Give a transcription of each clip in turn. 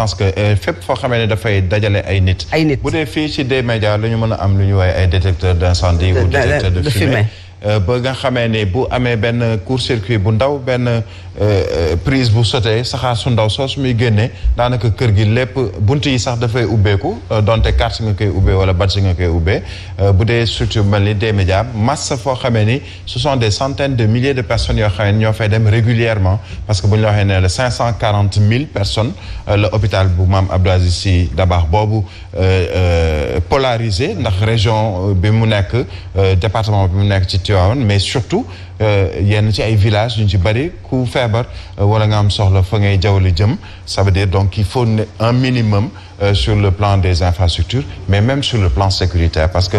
pense que euh, fépp foo xamee ne dafay dajale ay nit. ay nit bu dee fii ci D-Media la ñu mën a am lu ñu woowee ay détecteur d' incendie. ou détecteur de fumée Euh, ba nga xamee ne bu amee benn court circuit bu ndaw benn euh, euh, prise bu sotee saxaar su ndaw soo su muy génnee daanaka kër gi lépp bunt yi sax dafay ubbeeku donte carte nga koy ubbee wala badge nga koy ubbee bu dee structure mel ni des médias masse foo xamee ni ce de des de milliers de personnes yoo xamee ni ñoo fay dem régulièrement parce que bu ñu la waxee ne la cinq cent mille personnes la hôpital bu maam Abdou Aziz Sy Dabakh boobu polarisé ndax région bi mu nekk mu nekk ci Tivaouane mais surtout Euh, yenn ci ay villages ñu ci bëri ku feebar euh, wala nga am soxla fa ngay jawli jëm ça veut dire donc il faut un minimum euh, sur le plan des infrastructures mais même sur le plan sécuritaire parce que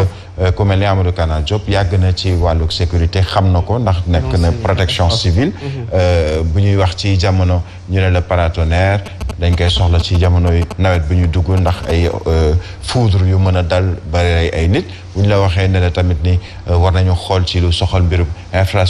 ku mel ni Amadou Kana yàgg na ci wàllu sécurité xam na ko ndax nekk na protection civile bu ñuy wax ci jamono ñu ne la paratonnerre dañ koy soxla ci jamono yi nawet bu ñu dugg ndax ay foudre yu mën a dal bëri ay nit bu ñu la waxee ne la tamit ni war nañu xool ci lu soxal mbirum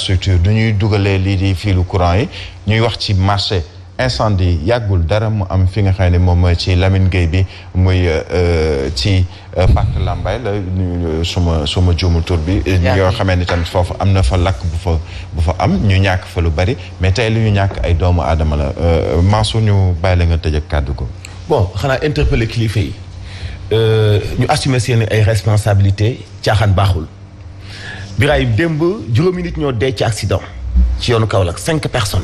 infrastructure du ñuy dugalee lii di fiilu courant yi ñuy wax ci marché incendie yàggul dara mu am fi nga xam ne moom mooy ci Lamine Gueye bi muy euh, euh, ci parc euh, Lambaye la suma suma juumu tur bi yoo xamee ni tamit foofu am na fa lakk bu fa bu fa am ñu ñàkk fa lu bari mais tey lu ñu ñàkk ay doomu aadama la Mansour ñu bàyyi la nga tëj kàddu ko bon xanaa interpeller kilifa yi ñu assumer seen ay responsabilité caaxaan baaxul Biray démb juróomi nit ñoo dee ci accident ci yoonu Kaolack cinq personnes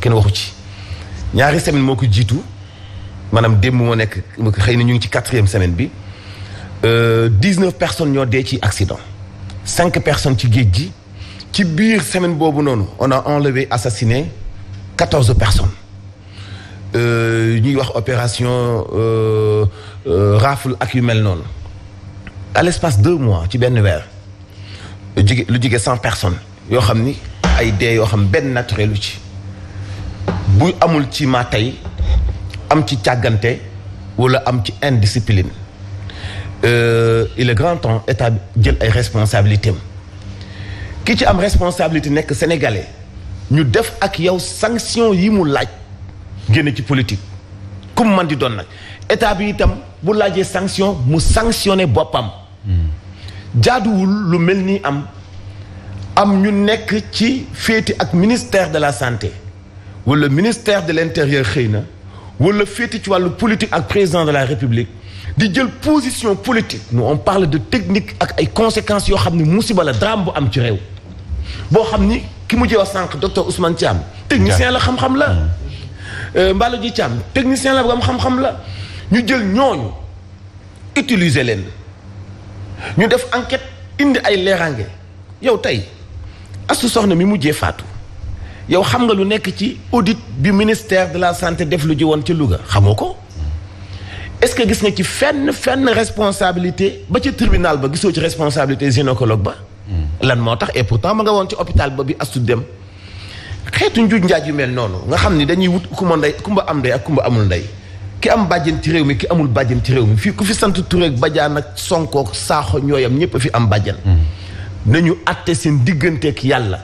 kenn waxu ci ñaari semaine moo ko jiitu maanaam démb moo nekk xëy na ñu ngi ci quatrième semaine bi euh, dix-neuf personnes ñoo dee ci accident cinq personnes ci géej gi ci biir semaine boobu noonu on a enlevé assassiné quatorze personnes euh, ñuy wax opération euh, rafle ak yu mel noonu à l'espace deux mois ci benn weer lu lu jige cent personnes yoo xam ni ay dee yoo xam benn naturel lu ci buy amul ci ma tey am ci càggante wala am ci indiscipline euh, il est grand temps état jël ay responsabilités ki ci am responsabilité nekk sénégalais ñu def ak yow sanction yi mu laaj génn ci politique comme man di doon nag état bi itam bu laajee sanction mu sanctionné boppam hmm. jaaduwul lu mel nii am am ñu nekk ci féeti ak ministère de la santé wala ministère de l'intérieur xëy na wala féeti ci wàllu politique ak président de la république di jël position politique nous on parle de technique ak ay conséquence yoo xam ne musiba la drame bu am ci réew boo xam ni ki mujjee wax sànq docteur Ousmane am technicien la xam-xam la euh, Mballo ji am technicien la bu am xam-xam la ñu jël ñooñu utiliser leen ñu def enquête indi ay leeraange yow tey astu soxna mi mujjee faatu yow xam nga lu nekk ci audit bi ministère de la santé def lu ji woon ci Louga xamoo ko est-ce que gis nga ci fenn fenn responsabilité ba ca tribunal ba gisoo ci responsabilité gynécologue ba lan moo tax et pourtant ba nga woon ci hôpital ba bi astu dem xeetu njuuj njaaj yu mel noonu nga xam ni dañuy wut kumba ndey kumba am ndey ak kumba amul ndey ki am bàjjen ci réew mi ki amul bàjjen ci réew mi fii ku fi sant Touré ak Badiane ak Sonko ak Sakho ñooyam a fi am bàjjen. Hmm. nañu àtte seen diggante digganteek yàlla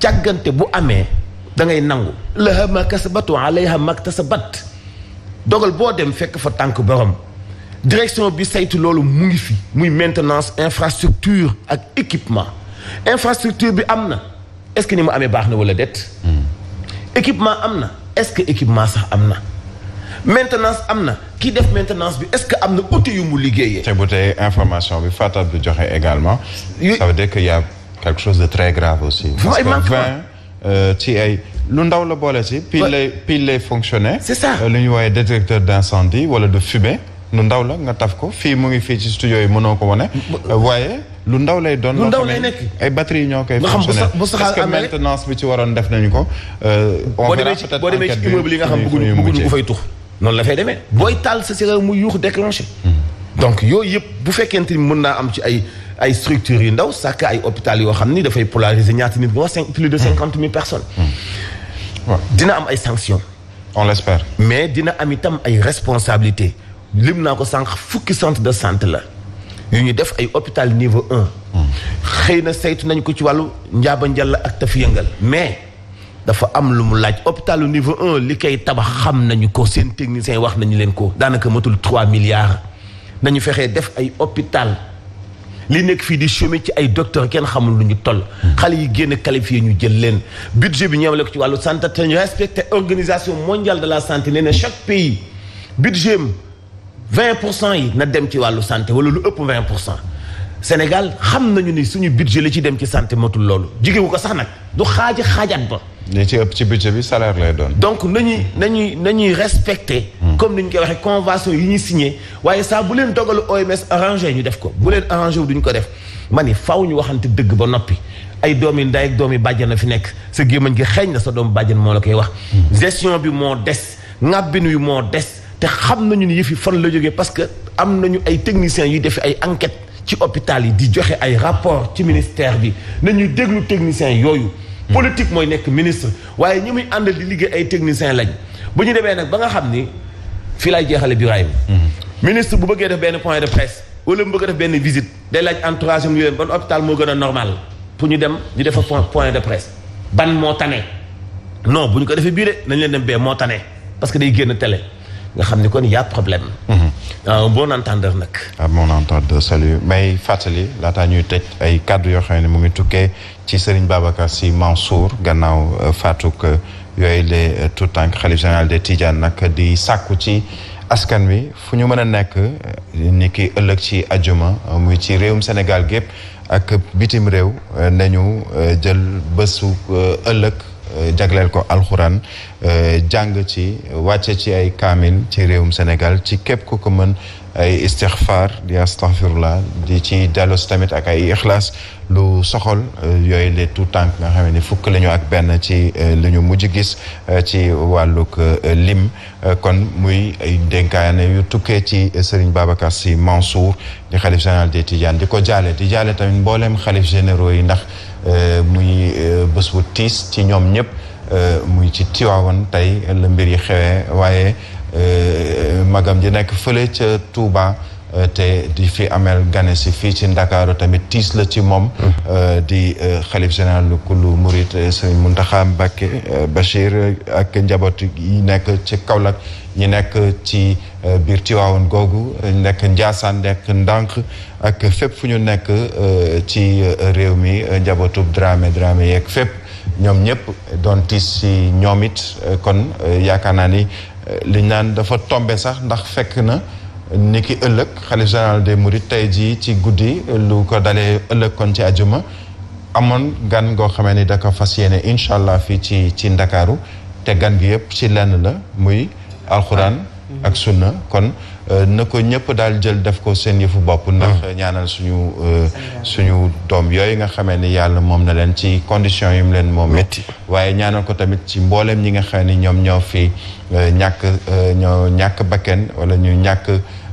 càggante bu amee da ngay nangu. laha ma kasabat wa alayha ma iktasabat dogal boo dem fekk fa tànk borom direction bi saytu loolu mu ngi fi muy maintenance infrastructure ak équipement infrastructure bi am na est ni mu amee baax na wala déet. Hmm. équipement am na est-ce que équipement sax am na. maintenance am na kii def maintenance bi est-ce que am na outil yu mu liggéeyee. te bu tey information bi Fatal bi joxe également. ça veut dire que y a aussi. parce que vingt euh, ci ay. lu ndaw la boole si. pile lay pile lay fonctionner. c'est ça euh, lu ñu woowee détecteur d'incendie wala de fumée. lu ndaw la nga taf ko fii mu ngi fii ci studio yi mënoo ko wone euh, waaye lu ndaw lay doon. lu ndaw lay nekk ay batteries ñoo koy. fonctionner parce que maintenance bi ci waroon def nañu ko. on verra boo demee ci immeuble yi nga xam bëgguñu ko fay tux noonu la fay demee booy taal sa serreur mu yuux déclenché. donc yooyu yëpp bu fekkente ni mun naa am ci ay ay structures yu ndaw sàkk ay hôpital yoo xam ni dafay polariser ñaata nit boo cinq plus de hmm. cinquante mille hmm. dina am ay sanctions. on l'espère. mais dina am itam ay responsabilités lim naa ko sànq fukki centre de santé la yu ñu def ay hôpital niveau hmm. xëy na saytu nañ ko ci wàllu njaaba njàll ak taf yëngal mais. dafa am lu mu laaj hôpitalu niveau un li koy tabax xam nañu ko seen technicien wax nañu leen ko daanaka matul trois milliards nañu fexee def ay hôpital li nekk fii di chômer ci ay docteur kenn xamul lu ñu toll xale yi génn qualifié ñu jël leen budget bi ñu amale ko ci wàllu santé te ñu respecté organisation mondial de la santé nee na chaque pays budget am vingt pour cent yi na dem ci wàllu santé wala lu ëpp vingt pour cent Sénégal xam nañu ni suñu budget li ci dem ci santé matul loolu jigéewu ko sax nag du xaaji xaajaat ba li ci ëpp ci budget bi salaire lay doon. donc nañuy nañuy nañuy respecté. Hmm. comme ni ñu koy waxee convention yi ñu signé waaye saa bu leen dogalu OMS arrangé ñu def ko bu leen arrangé wu duñ ko def ma ni faw ñu waxante dëgg ba noppi ay doomi nday doomi bàjjan na fi nekk sa gémmañ gi xeeñ na sa doomu bàjjan moo la koy wax. Hmm. gestion bi moo des ŋàbbin wi moo des te xam nañu ni yëfi fan la jógee parce que am nañu ay techniciens yuy def ay enquêtes ci hôpital yi di joxe ay rapport ci ministère bi nañuy déglu techniciens yooyu. Hmm. politique mooy nekk ministre waaye ñi muy àndal di liggéey ay technicien lañ bu ñu demee nag ba nga xam ni fii laay jeexale Birahim hmm. ministre bu bëggee def benn point de presse wala mu bëgg def benn visite day laaj entourage am ñu leen ban hôpital moo gën a normal pour ñu dem ñu defa point de presse ban moo tane non bu ñu ko defee bii de nañ leen dem bee moo tane parce que day génn télé nga xam ni kon y a problème hmm. Euh, un bon entendeur nag. un bon entendeur salut may fàttali laataa ñuy tëj ay kàddu yoo xam ne mu ngi tukkee ci Serigne Babacar Sy Mansour gannaaw euh, faatuk euh, yooyu les tout tànk xalif général des Tidiane nag di sàkku ci askan wi fu ñu mën a nekk ni ëllëg ci ajuma muy ci réewum Sénégal gépp ak bitim réew nañu jël bésu ëllëg. jagleel ko alxuraan euh, jàng ci wàcce ci ay kaamil ci réewum Sénégal ci képp ku ko mën ay istixfaar di astaghfirullah di ci delloos tamit ak ay ixlaas lu soxol euh, yooyu les tout tànk nga xam ni fukk lañu ak benn ci euh, li ñu mujj gis ci wàllug lim kon muy ay dénkaane yu tukkee ci Serigne Babacar Sy Mansour di xalif général des Tidianes di ko jaalee di jaale tamit mbooleem xalif généraux yi ndax Euh, muy euh, bés bu tiis ci ñoom ñëpp euh, muy ci Tiwaawan tey la mbir yi xewee waaye magam ji nekk fële ca Touba te di fi amel gane si fii ci Ndakaaru tamit tiis la ci moom mm-hmm. di xalif général kullu murit sëriñ Muntaxa Mbàkke Bachir ak njaboot yi nekk ci Kaolack ñi nekk ci biir Tiwaawan googu nekk Njaasaan nekk Ndànk ak fépp fu ñu nekk euh, ci euh, réew mi euh, njabootub Dramé Dramé yeeg fépp ñoom ñëpp doon tiis si ñoom it kon yaakaar naa ni liñ naan dafa tombe sax ndax fekk na ni ëllëg xalif de des Mourides tey jii ci guddi lu ko dalee ëllëg kon ci ajuma amoon gan goo xamee ni da ko fas yéene incha allah fii ci ci ndakaaru te gan gi yëpp ci lenn la muy alxuraan ak sunna kon Euh, na ko ñëpp daal jël def ko seen yëfu bopp ndax mm. ñaanal suñu euh, suñu doom yooyu nga xamee ni yàlla moom na leen ci condition yi leen moom metti waaye ñaanal ko tamit ci mbooleem ñi nga xam ni ñoom ñoo fi euh, ñàkk ñoo ñàkk bakken wala ñuy ñàkk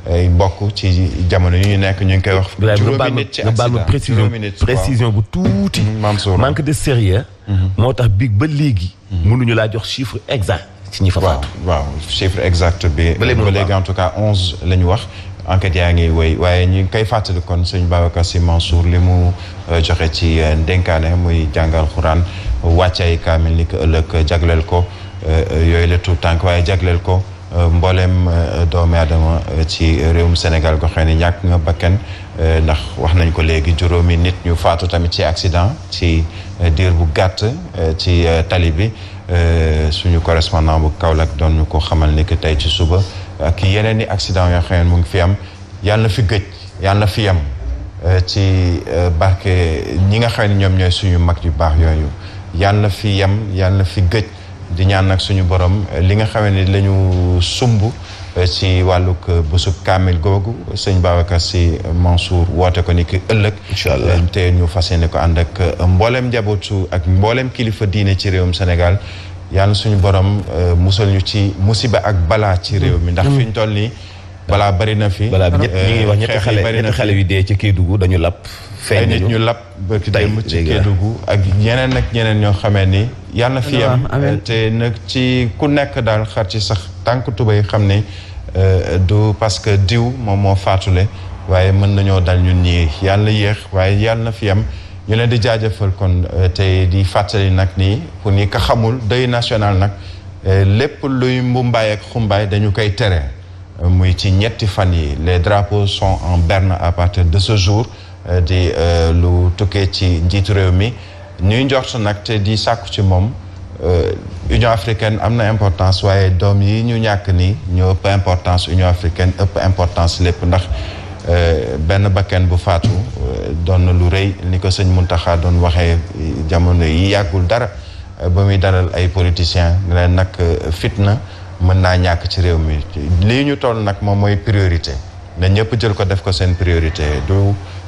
ay ci jamono yu ñu nekk ñu ngi koy wax juróomi nit ci accident nga précision précision bu tuuti manque de sérieux mm-hmm. moo tax biig ba léegi mm-hmm. mënuñu laa jox chiffre exact ci ñi fa faatu waaw chiffre exact bi ba léegi en tout cas onze la ñu wax enquête yaa ngi woy waaye ñu ngi koy fàttali kon sëñ Babacar Sy Mansour li mu euh, joxe ci euh, ndénkaane muy jàngal xuraan wàcc ay kaamil ni ko ëllëg jagleel ko euh, yooyu la tuut tànk waaye jagleel ko mboolem doomi aadama ci réewum Sénégal go xëy ne ñàkk nga bakkan ndax wax nañ ko léegi juróomi nit ñu faatu tamit ci accident ci diir bu gàtt ci tali bi Euh, suñu correspondant bu Kaolack doon ñu ko xamal ni que tey ci suba ak yeneen i accident yoo xam ne mu ngi fi am yàlla na fi gëj yàlla na fi yem euh, ci euh, barke ñi nga xam ne ñoom ñooy suñu mag yu baax yooyu yàlla na fi yem yàlla na fi gëj di ñaan nag suñu borom li nga xam ne lañu ñu sumb Euh, ci wàllug euh, bésub kaamil googu sëñ Babacar si Mansour woote ko ni ki ëllëg. incha allah euh, te ñu fas yéene ko ànd ak mbooleem mboolem su ak mbooleem kilifa diine ci réewum Sénégal yàlla suñu borom musal ñu ci musiba ak balaa ci réew mi. Mm-hmm. ndax fi ñu mm-hmm. toll nii. balaa bari na fi. balaa ñett ñi ngi wax ñetti xale ñetti xale yu dee ci Kédougou dañu lapp. feeñ ñu lapp ba ci dem ci Kédougou ak ñeneen ak ñeneen ñoo xamee ni. yàlla na fi am te nag ci ku nekk daal xar ci sax tànk tubay xam ni. Euh, du parce que diw moom moo faatule waaye mën nañoo dal ñun ñii yàlla yéex waaye yàlla na fi am ñu leen di jaajëfal kon euh, tey di fàttali nag nii pour nii ko xamul day national nag euh, lépp luy mbumbaay ak xumbaay dañu koy tere muy ci ñetti fan yi les drapeaux son en berne à partir de ce jour di lu tukkee ci njiitu réew mi ñuy njort nag te di sàkku ci moom Euh, Union africaine am na importance waaye doom yi ñu ñàkk nii ñoo ëpp importance Union africaine ëpp importance lépp ndax euh, benn bakken bu faatu euh, doon na lu rëy ni ko sëñ Muntaxa doon waxee jamono yi yàggul dara ba muy daral ay politiciens ne leen nag fitna mën naa ñàkk ci réew mi lii ñu toll nag moom mooy priorité na ñëpp jël ko def ko seen priorité du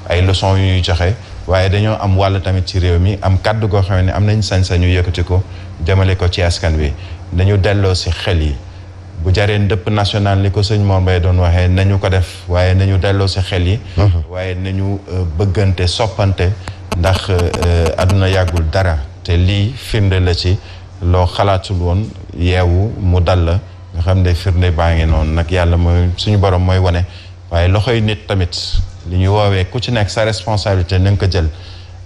ay leçon yu ñuy joxe waaye dañoo am wàll tamit ci réew mi am kàddu goo xam ne am nañ sañ-sañu yëkkati ko jëmale ko ci askan wi nañu delloo si xel yi bu jaree ndëpp national ni ko sëñ Mor Mbaye doon waxee nañu ko def waaye nañu delloo si xel yi uh-huh. waaye nañu euh, bëggante soppante ndax euh, àdduna yàggul dara te lii firnde la ci loo xalaatul woon yeewu mu dal la nga xam ne firnde baa ngi noonu nag yàlla mooy suñu borom mooy wane waaye loxoy nit tamit li ñu woowee ku ci nekk sa responsabilité na nga ko jël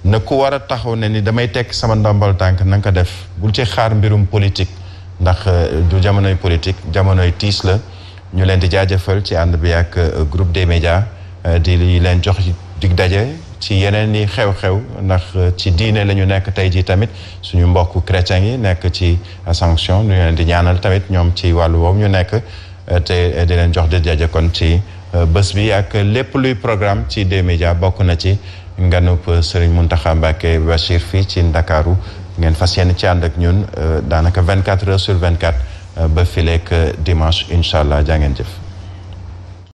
na ku war a taxaw ne ni damay tekk sama ndombal tànk nanga ko def bul ci xaar mbirum politique ndax euh, du jamonoy politique jamonoy tiis la ñu leen di jaajëfal ci ànd bi ak euh, groupe des média euh, di leen jox di daje ci yeneen yi xew-xew ndax ci diine la ñu nekk tey jii tamit suñu mbokk chrétien yi nekk ci sanction ñu leen di ñaanal tamit ñoom ci wàllu woowu ñu nekk te di leen jox di daje kon ci Euh, bés bi ak lépp luy programme ci D-Media bokk na ci nganup euh, Serigne Mountakha Mbacké Bachir fii ci Ndakaaru ngeen fas yéene ci ànd ak ñun euh, daanaka 24 heures sur 24 ba fileek dimanche incha allah jaa ngeen jëf.